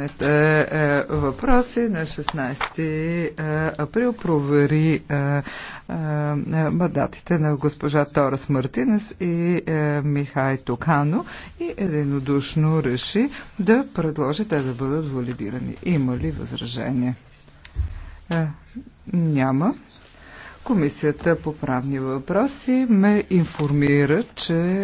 Е, е, въпроси на 16 е, април провери мандатите на госпожа Торас Мартинес и Михай Токано и единодушно реши да предложи те да бъдат валидирани. Има ли възражение? Няма. Комисията по правни въпроси ме информира, че